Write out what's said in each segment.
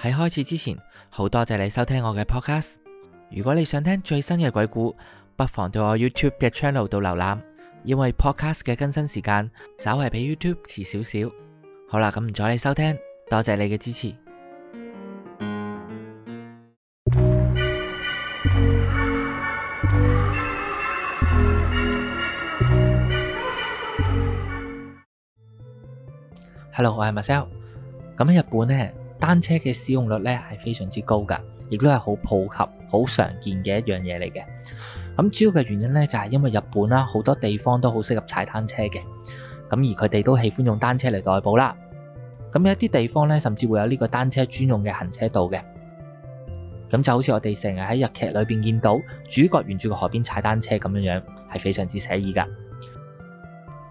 喺開始之前，好多謝你收聽我嘅 podcast。如果你想聽最新嘅鬼故，不妨到我 YouTube 嘅 channel 度瀏覽，因為 podcast 嘅更新時間稍為比 YouTube 遲少少。好啦，咁唔阻你收聽，多謝你嘅支持。Hello，我係 Marcel。咁喺日本呢？單車嘅使用率咧係非常之高噶亦都係好普及、好常見嘅一樣嘢嚟嘅。咁主要嘅原因咧就係因為日本啦，好多地方都好適合踩單車嘅。咁而佢哋都喜歡用單車嚟代步啦。咁有一啲地方咧，甚至會有呢個單車專用嘅行車道嘅。咁就好似我哋成日喺日劇裏邊見到主角沿住個河邊踩單車咁樣樣，係非常之寫意噶。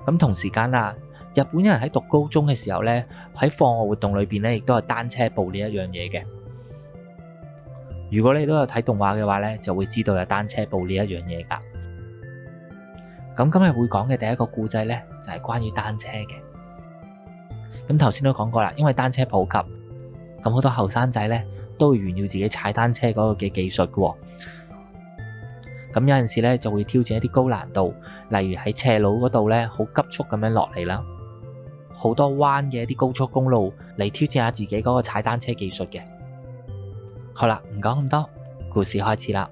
咁同時間啦。日本人喺讀高中嘅時候咧，喺課外活動裏邊咧，亦都有單車步呢一樣嘢嘅。如果你都有睇動畫嘅話咧，就會知道有單車步呢一樣嘢噶咁今日會講嘅第一個故仔咧，就係關於單車嘅。咁頭先都講過啦，因為單車普及，咁好多後生仔咧都會炫耀自己踩單車嗰個嘅技術噶咁有陣時咧就會挑戰一啲高難度，例如喺斜路嗰度咧，好急速咁樣落嚟啦。好多彎嘅一啲高速公路嚟，挑戰下自己嗰個踩單車技術嘅。好啦，唔講咁多，故事開始啦。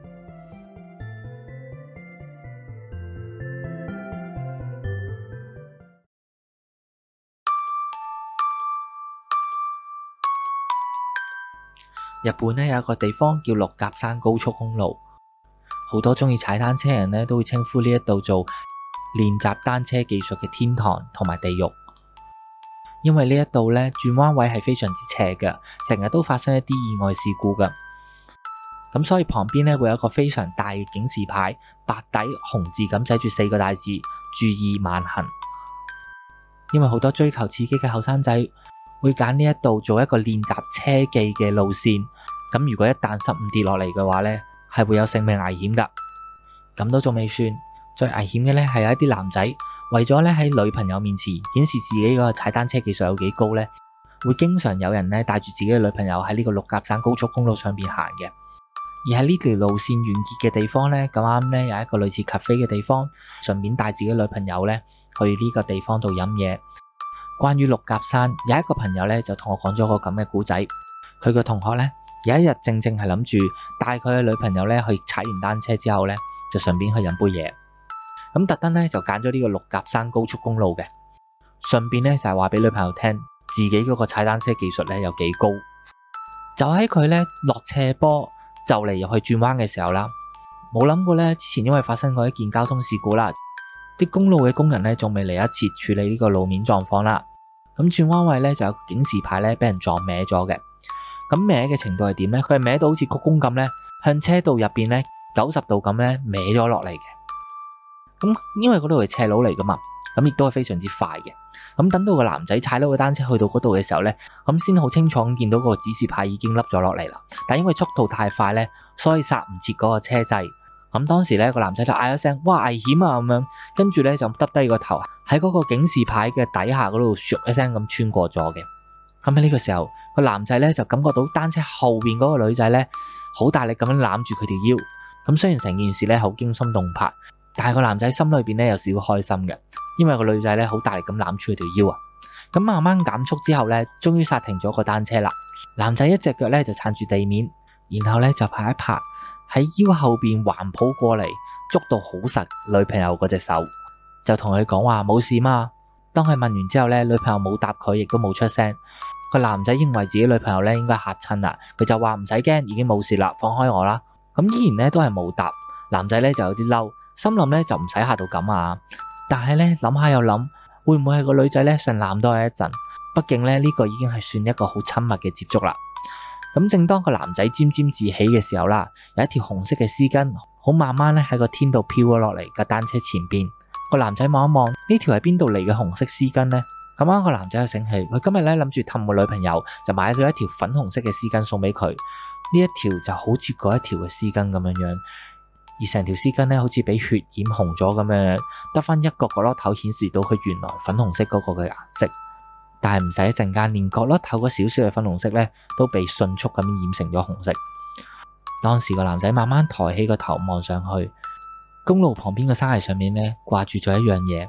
日本呢有一個地方叫六甲山高速公路，好多鍾意踩單車人咧都會稱呼呢一度做練習單車技術嘅天堂同埋地獄。因為呢一度咧轉彎位係非常之斜嘅，成日都發生一啲意外事故㗎。咁所以旁邊咧會有一個非常大嘅警示牌，白底紅字咁寫住四個大字：注意慢行。因為好多追求刺激嘅後生仔會揀呢一度做一個練習車技嘅路線，咁如果一旦失誤跌落嚟嘅話咧，係會有性命危險噶。咁都仲未算，最危險嘅咧係有一啲男仔。為咗咧喺女朋友面前顯示自己個踩單車技術有幾高呢，會經常有人咧帶住自己嘅女朋友喺呢個六甲山高速公路上邊行嘅。而喺呢條路線完結嘅地方呢，咁啱呢有一個類似 cafe 嘅地方，順便帶自己女朋友呢去呢個地方度飲嘢。關於六甲山，有一個朋友呢就同我講咗個咁嘅故仔。佢個同學呢有一日正正係諗住帶佢嘅女朋友呢去踩完單車之後呢，就順便去飲杯嘢。咁特登咧就揀咗呢個六甲山高速公路嘅，順便咧就係話俾女朋友聽自己嗰個踩單車技術咧有幾高。就喺佢咧落斜坡就嚟入去轉彎嘅時候啦，冇諗過咧之前因為發生過一件交通事故啦，啲公路嘅工人咧仲未嚟一次處理呢個路面狀況啦。咁轉彎位咧就有警示牌咧俾人撞歪咗嘅，咁歪嘅程度係點咧？佢係歪到好似鞠躬咁咧，向車道入邊咧九十度咁咧歪咗落嚟嘅。咁，因為嗰度係斜路嚟噶嘛，咁亦都係非常之快嘅。咁等到個男仔踩到個單車去到嗰度嘅時候呢，咁先好清楚咁見到個指示牌已經笠咗落嚟啦。但因為速度太快呢，所以剎唔切嗰個車掣。咁當時呢個男仔就嗌咗聲：哇！危險啊！咁樣，跟住呢，就耷低個頭喺嗰個警示牌嘅底下嗰度，咻一聲咁穿過咗嘅。咁喺呢個時候，個男仔呢就感覺到單車後邊嗰個女仔呢，好大力咁樣攬住佢條腰。咁雖然成件事呢好驚心動魄。但係個男仔心裏邊咧有少少開心嘅，因為個女仔咧好大力咁攬住佢條腰啊。咁慢慢減速之後咧，終於剎停咗個單車啦。男仔一隻腳咧就撐住地面，然後咧就拍一拍喺腰後邊環抱過嚟，捉到好實女朋友嗰隻手，就同佢講話冇事嘛？當佢問完之後咧，女朋友冇答佢，亦都冇出聲。個男仔認為自己女朋友咧應該嚇親啦，佢就話唔使驚，已經冇事啦，放開我啦。咁依然咧都係冇答，男仔咧就有啲嬲。心諗咧就唔使吓到咁啊，但係咧諗下又諗，會唔會係個女仔咧想攬多佢一陣？畢竟咧呢個已經係算一個好親密嘅接觸啦。咁正當個男仔沾沾自喜嘅時候啦，有一條紅色嘅絲巾，好慢慢咧喺個天度飄咗落嚟架單車前邊。個男仔望一望，呢條係邊度嚟嘅紅色絲巾呢？咁啱啊，個男仔又醒起，佢今日咧諗住氹個女朋友，就買咗一條粉紅色嘅絲巾送俾佢。呢一條就好似嗰一條嘅絲巾咁樣樣。而成條絲巾咧，好似俾血染紅咗咁樣，得翻一個角落頭顯示到佢原來粉紅色嗰個嘅顏色，但係唔使一陣間，連角落頭嗰少少嘅粉紅色咧，都被迅速咁染成咗紅色。當時個男仔慢慢抬起個頭望上去，公路旁邊個山崖上面咧掛住咗一樣嘢，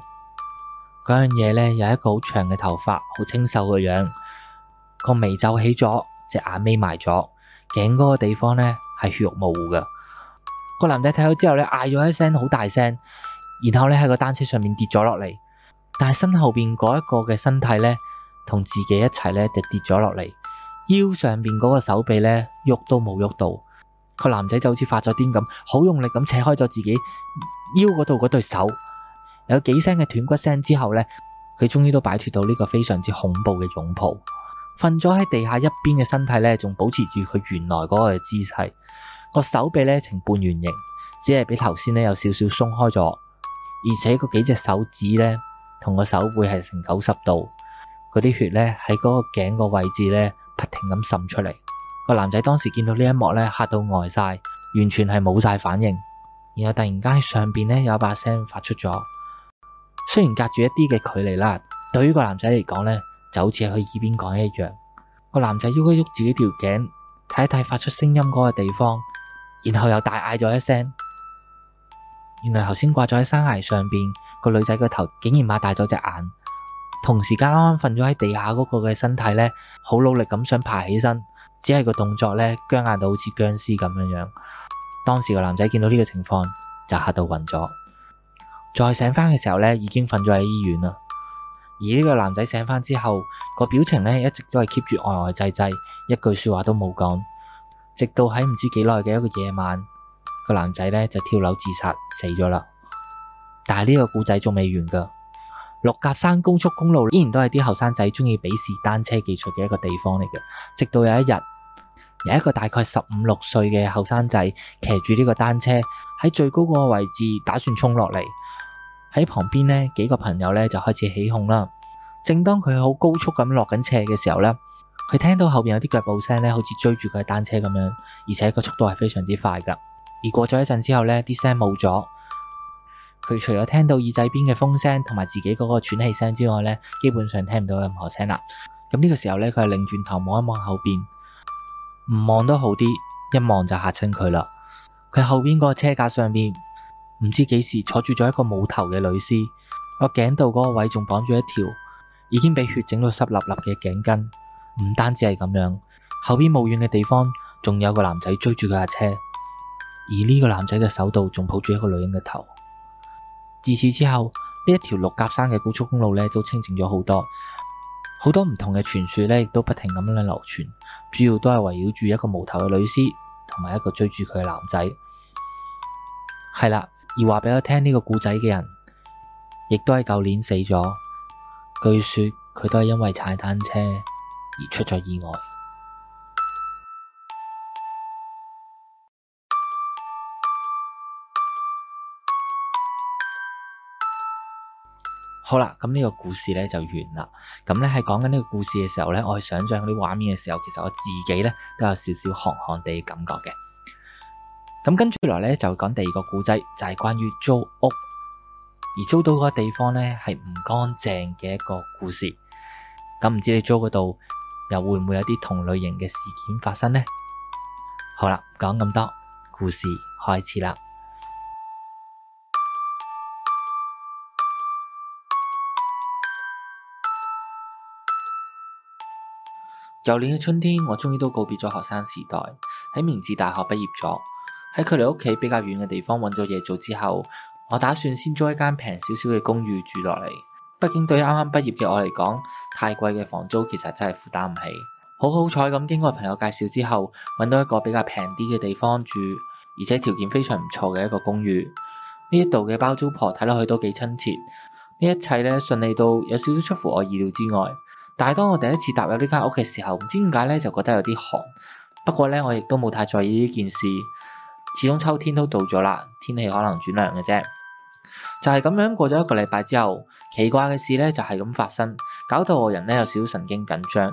嗰樣嘢咧有一個好長嘅頭髮，好清秀嘅樣，個眉皺起咗，隻眼眯埋咗，頸嗰個地方咧係血肉模糊嘅。個男仔睇到之後咧，嗌咗一聲好大聲，然後咧喺個單車上面跌咗落嚟，但係身後邊嗰一個嘅身體咧，同自己一齊咧就跌咗落嚟，腰上面嗰個手臂咧，喐都冇喐到，個男仔就好似發咗癲咁，好用力咁扯開咗自己腰嗰度嗰對手，有幾聲嘅斷骨聲之後咧，佢終於都擺脫到呢個非常之恐怖嘅擁抱，瞓咗喺地下一邊嘅身體咧，仲保持住佢原來嗰個姿勢。個手臂咧呈半圓形，只係比頭先呢有少少鬆開咗，而且個幾隻手指咧同個手背係成九十度。嗰啲血咧喺嗰個頸個位置咧不停咁滲出嚟。個男仔當時見到呢一幕咧吓到呆晒，完全係冇晒反應。然後突然間喺上邊咧有一把聲發出咗，雖然隔住一啲嘅距離啦，對於個男仔嚟講咧就好似係佢耳邊講一樣。個男仔喐一喐自己條頸，睇一睇發出聲音嗰個地方。然後又大嗌咗一聲，原來頭先掛咗喺山崖上邊個女仔個頭竟然擘大咗隻眼，同時間啱啱瞓咗喺地下嗰個嘅身體呢，好努力咁想爬起身，只係個動作呢僵硬到好似僵屍咁樣樣。當時個男仔見到呢個情況就嚇到暈咗，再醒翻嘅時候呢，已經瞓咗喺醫院啦。而呢個男仔醒翻之後個表情呢一直都係 keep 住呆呆滯滯，一句說話都冇講。直到喺唔知幾耐嘅一個夜晚，個男仔咧就跳樓自殺死咗啦。但係呢個故仔仲未完噶，六甲山高速公路依然都係啲後生仔中意比試單車技術嘅一個地方嚟嘅。直到有一日，有一個大概十五六歲嘅後生仔騎住呢個單車喺最高嗰個位置，打算衝落嚟。喺旁邊呢幾個朋友咧就開始起哄啦。正當佢好高速咁落緊斜嘅時候咧。佢聽到後邊有啲腳步聲咧，好似追住佢單車咁樣，而且個速度係非常之快㗎。而過咗一陣之後呢，啲聲冇咗。佢除咗聽到耳仔邊嘅風聲同埋自己嗰個喘氣聲之外呢，基本上聽唔到任何聲啦。咁呢個時候呢，佢係擰轉頭望一望後邊，唔望都好啲，一望就嚇親佢啦。佢後邊個車架上面，唔知幾時坐住咗一個冇頭嘅女屍，個頸度嗰個位仲綁住一條已經俾血整到濕立立嘅頸巾。唔單止係咁樣，後邊冇遠嘅地方，仲有個男仔追住佢架車，而呢個男仔嘅手度仲抱住一個女人嘅頭。自此之後，呢一條六甲山嘅高速公路呢，都清淨咗好多，好多唔同嘅傳說呢亦都不停咁樣流傳，主要都係圍繞住一個無頭嘅女屍同埋一個追住佢嘅男仔。係啦，而話俾我聽呢個故仔嘅人，亦都係舊年死咗，據說佢都係因為踩單車。而出咗意外好。好啦，咁呢個故事呢就完啦。咁呢係講緊呢個故事嘅時候呢，我想象嗰啲畫面嘅時候，其實我自己呢都有少少寒寒地嘅感覺嘅。咁跟住嚟呢，就講第二個故仔，就係、是、關於租屋而租到個地方呢，係唔乾淨嘅一個故事。咁唔知你租嗰度，又會唔會有啲同類型嘅事件發生呢？好啦，講咁多，故事開始啦。舊年嘅春天，我終於都告別咗學生時代，喺明治大學畢業咗，喺距離屋企比較遠嘅地方揾咗嘢做之後，我打算先租一間平少少嘅公寓住落嚟。畢竟對啱啱畢業嘅我嚟講，太貴嘅房租其實真係負擔唔起。好好彩咁，經過朋友介紹之後，揾到一個比較平啲嘅地方住，而且條件非常唔錯嘅一個公寓。呢一度嘅包租婆睇落去都幾親切。呢一切咧順利到有少少出乎我意料之外。但係當我第一次踏入呢間屋嘅時候，唔知點解咧就覺得有啲寒。不過咧，我亦都冇太在意呢件事。始終秋天都到咗啦，天氣可能轉涼嘅啫。就係咁樣過咗一個禮拜之後，奇怪嘅事呢就係咁發生，搞到我人呢有少少神經緊張。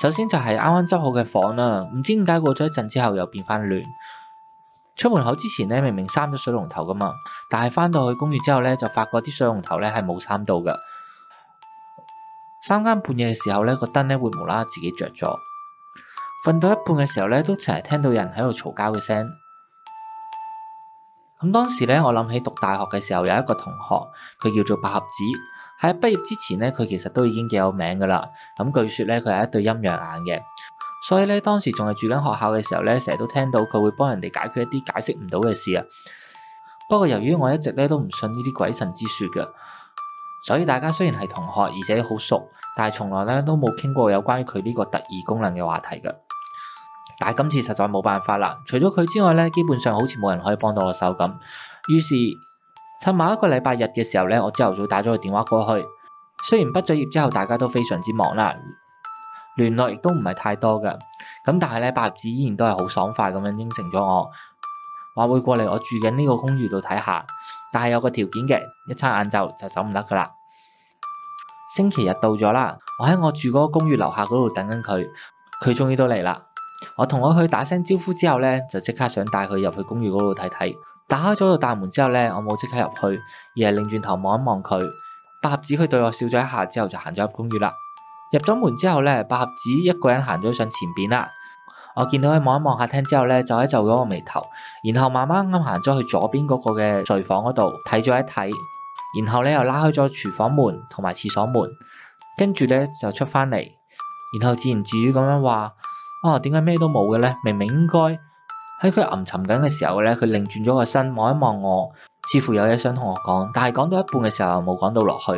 首先就係啱啱執好嘅房啦，唔知點解過咗一陣之後又變翻亂。出門口之前呢，明明閂咗水龍頭噶嘛，但係翻到去公寓之後呢，就發覺啲水龍頭呢係冇閂到噶。三更半夜嘅時候呢，個燈呢會無啦啦自己着咗。瞓到一半嘅時候呢，都成日聽到人喺度嘈交嘅聲。咁當時咧，我諗起讀大學嘅時候有一個同學，佢叫做百合子。喺畢業之前咧，佢其實都已經幾有名㗎喇。咁據說咧，佢係一對陰陽眼嘅，所以咧當時仲係住緊學校嘅時候咧，成日都聽到佢會幫人哋解決一啲解釋唔到嘅事啊。不過由於我一直咧都唔信呢啲鬼神之説嘅，所以大家雖然係同學，而且好熟，但係從來咧都冇傾過有關於佢呢個特異功能嘅話題嘅。但今次實在冇辦法啦，除咗佢之外咧，基本上好似冇人可以幫到我手咁。於是，趁埋一個禮拜日嘅時候咧，我朝頭早打咗個電話過去。雖然畢咗業之後大家都非常之忙啦，聯絡亦都唔係太多噶。咁但係咧，白子依然都係好爽快咁樣應承咗我，話會過嚟我住緊呢個公寓度睇下。但係有個條件嘅，一餐晏晝就走唔得噶啦。星期日到咗啦，我喺我住嗰個公寓樓下嗰度等緊佢，佢終於都嚟啦。我同佢去打聲招呼之後咧，就即刻想帶佢入去公寓嗰度睇睇。打開咗個大門之後咧，我冇即刻入去，而係擰轉頭望一望佢。百合子佢對我笑咗一下之後，就行咗入公寓啦。入咗門之後咧，百合子一個人行咗上前邊啦。我見到佢望一望客廳之後咧，就喺皺咗個眉頭，然後慢慢咁行咗去左邊嗰個嘅睡房嗰度睇咗一睇，然後咧又拉開咗廚房門同埋廁所門，跟住咧就出翻嚟，然後自言自語咁樣話。啊，點解咩都冇嘅咧？明明應該喺佢吟沉緊嘅時候咧，佢擰轉咗個身望一望我，似乎有嘢想同我講，但係講到一半嘅時候又冇講到落去，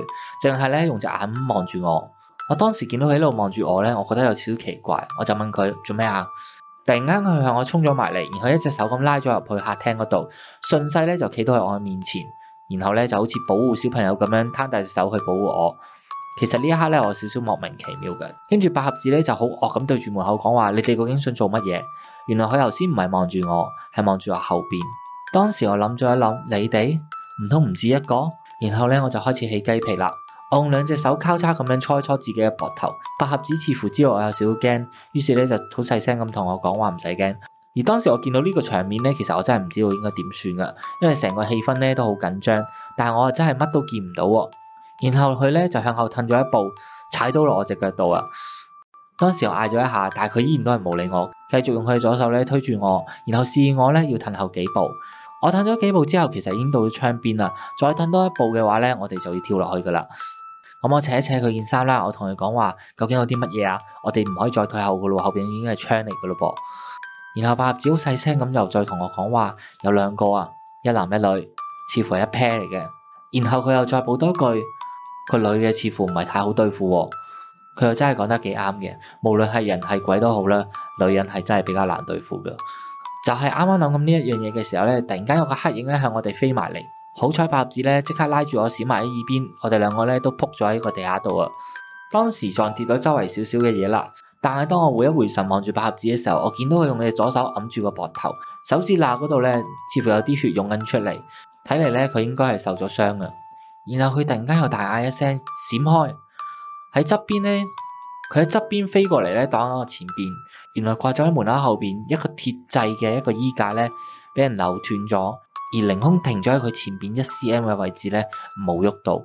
淨係咧用隻眼望住我。我當時見到佢喺度望住我咧，我覺得有少少奇怪，我就問佢做咩啊？突然間佢向我衝咗埋嚟，然後一隻手咁拉咗入去客廳嗰度，順勢咧就企到喺我嘅面前，然後咧就好似保護小朋友咁樣攤大隻手去保護我。其實呢一刻咧，我有少少莫名其妙嘅。跟住百合子咧就好惡咁對住門口講話：你哋究竟想做乜嘢？原來佢頭先唔係望住我，係望住我後邊。當時我諗咗一諗，你哋唔通唔止一個？然後咧我就開始起雞皮啦，我用兩隻手交叉咁樣搓一搓自己嘅膊頭。百合子似乎知道我有少少驚，於是咧就好細聲咁同我講話：唔使驚。而當時我見到呢個場面咧，其實我真係唔知道應該點算噶，因為成個氣氛咧都好緊張，但係我真係乜都見唔到。然後佢咧就向後褪咗一步，踩到落我隻腳度啊。當時我嗌咗一下，但係佢依然都係冇理我，繼續用佢左手咧推住我，然後示意我咧要褪後幾步。我褪咗幾步之後，其實已經到咗窗邊啦。再褪多一步嘅話咧，我哋就要跳落去噶啦。咁我扯一扯佢件衫啦，我同佢講話：，究竟有啲乜嘢啊？我哋唔可以再退後噶啦，後邊已經係窗嚟噶咯噃。然後八盒子好細聲咁又再同我講話：，有兩個啊，一男一女，似乎係一 pair 嚟嘅。然後佢又再補多句。個女嘅似乎唔係太好對付、啊，佢又真係講得幾啱嘅。無論係人係鬼都好啦，女人係真係比較難對付嘅。就係啱啱諗咁呢一樣嘢嘅時候咧，突然間有個黑影咧向我哋飛埋嚟，好彩百合子咧即刻拉住我閃埋喺耳邊，我哋兩個咧都扑咗喺個地下度啊。當時撞跌到周圍少少嘅嘢啦，但係當我回一回神望住百合子嘅時候，我見到佢用佢嘅左手揞住個膊頭，手指罅嗰度咧似乎有啲血湧緊出嚟，睇嚟咧佢應該係受咗傷啊。然後佢突然間又大嗌一聲，閃開喺側邊咧，佢喺側邊飛過嚟咧擋喺我前邊，原來掛咗喺門口後邊一個鐵製嘅一個衣架咧，俾人扭斷咗，而凌空停咗喺佢前邊一 cm 嘅位置咧冇喐到，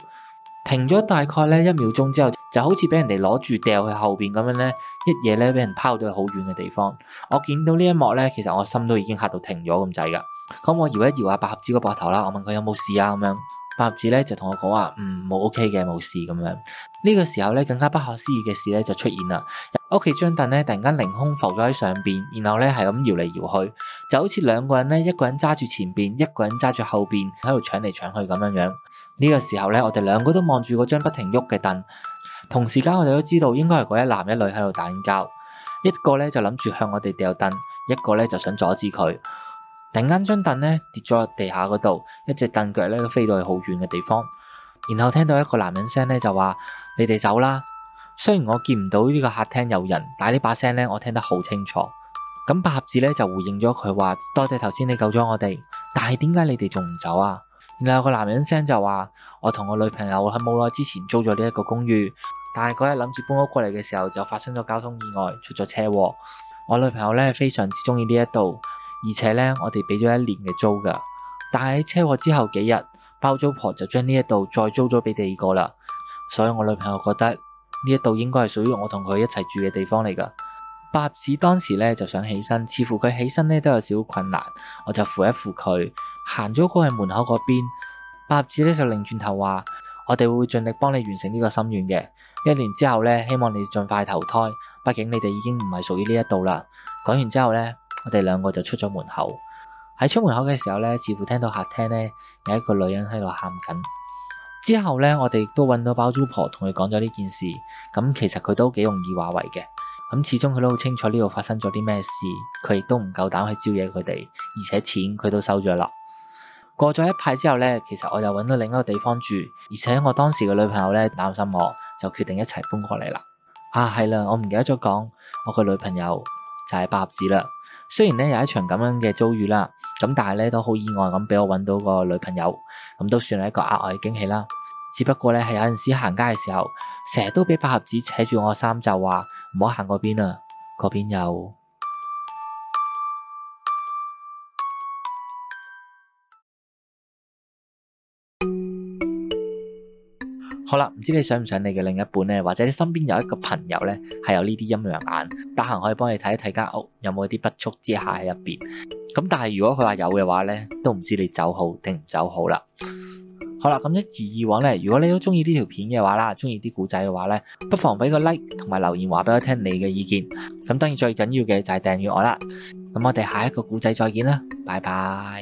停咗大概咧一秒鐘之後，就好似俾人哋攞住掉去後邊咁樣咧，一嘢咧俾人拋到去好遠嘅地方。我見到呢一幕咧，其實我心都已經嚇到停咗咁滯噶。咁、嗯、我搖一搖啊百合子個膊頭啦，我問佢有冇事啊咁樣。白紙咧就同我講話，嗯，冇 OK 嘅冇事咁樣。呢個時候咧更加不可思議嘅事咧就出現啦，屋企張凳咧突然間凌空浮咗喺上邊，然後咧係咁搖嚟搖去，就好似兩個人咧，一個人揸住前邊，一個人揸住後邊喺度搶嚟搶去咁樣樣。呢個時候咧，我哋兩個都望住嗰張不停喐嘅凳，同時間我哋都知道應該係嗰一男一女喺度打緊交，一個咧就諗住向我哋掉凳，一個咧就想阻止佢。突然間，張凳咧跌咗落地下嗰度，一隻凳腳咧都飛到去好遠嘅地方。然後聽到一個男人聲咧就話：，你哋走啦！雖然我見唔到呢個客廳有人，但係呢把聲咧我聽得好清楚。咁百合子咧就回應咗佢話：，多謝頭先你救咗我哋，但係點解你哋仲唔走啊？然後有個男人聲就話：，我同我女朋友喺冇耐之前租咗呢一個公寓，但係嗰日諗住搬屋過嚟嘅時候就發生咗交通意外，出咗車禍。我女朋友咧非常之中意呢一度。而且咧，我哋俾咗一年嘅租噶，但係喺車禍之後幾日，包租婆就將呢一度再租咗俾第二個啦。所以我女朋友覺得呢一度應該係屬於我同佢一齊住嘅地方嚟噶。百合子當時咧就想起身，似乎佢起身咧都有少少困難，我就扶一扶佢，行咗過去門口嗰邊。百合子咧就擰轉頭話：「我哋會盡力幫你完成呢個心願嘅。一年之後咧，希望你盡快投胎，畢竟你哋已經唔係屬於呢一度啦。」講完之後咧，我哋兩個就出咗門口，喺出門口嘅時候咧，似乎聽到客廳咧有一個女人喺度喊緊。之後咧，我哋都揾到包租婆，同佢講咗呢件事。咁其實佢都幾容易話為嘅。咁始終佢都好清楚呢度發生咗啲咩事，佢亦都唔夠膽去招惹佢哋，而且錢佢都收咗啦。過咗一排之後咧，其實我就揾到另一個地方住，而且我當時嘅女朋友咧擔心我，就決定一齊搬過嚟啦。啊，係啦，我唔記得咗講，我個女朋友就係百合子啦。雖然咧有一場咁樣嘅遭遇啦，咁但係咧都好意外咁俾我揾到個女朋友，咁都算係一個額外驚喜啦。只不過咧係有陣時行街嘅時候，成日都俾百合子扯住我衫袖，話唔好行嗰邊啊，嗰邊又。好啦，唔知你想唔想你嘅另一半呢？或者你身邊有一個朋友呢，係有呢啲陰陽眼，得閒可以幫你睇一睇間屋有冇啲不速之客喺入邊。咁但係如果佢話有嘅話呢，都唔知你走好定唔走好啦。好啦，咁一如以往呢，如果你都中意呢條片嘅話啦，中意啲古仔嘅話呢，不妨俾個 like 同埋留言，話俾我聽你嘅意見。咁當然最緊要嘅就係訂閱我啦。咁我哋下一個古仔再見啦，拜拜。